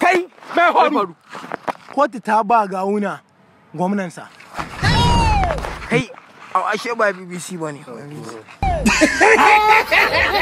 kai mai faru kotu ta ba gawuna gwamnansa kai a ashe ba bbc ba ne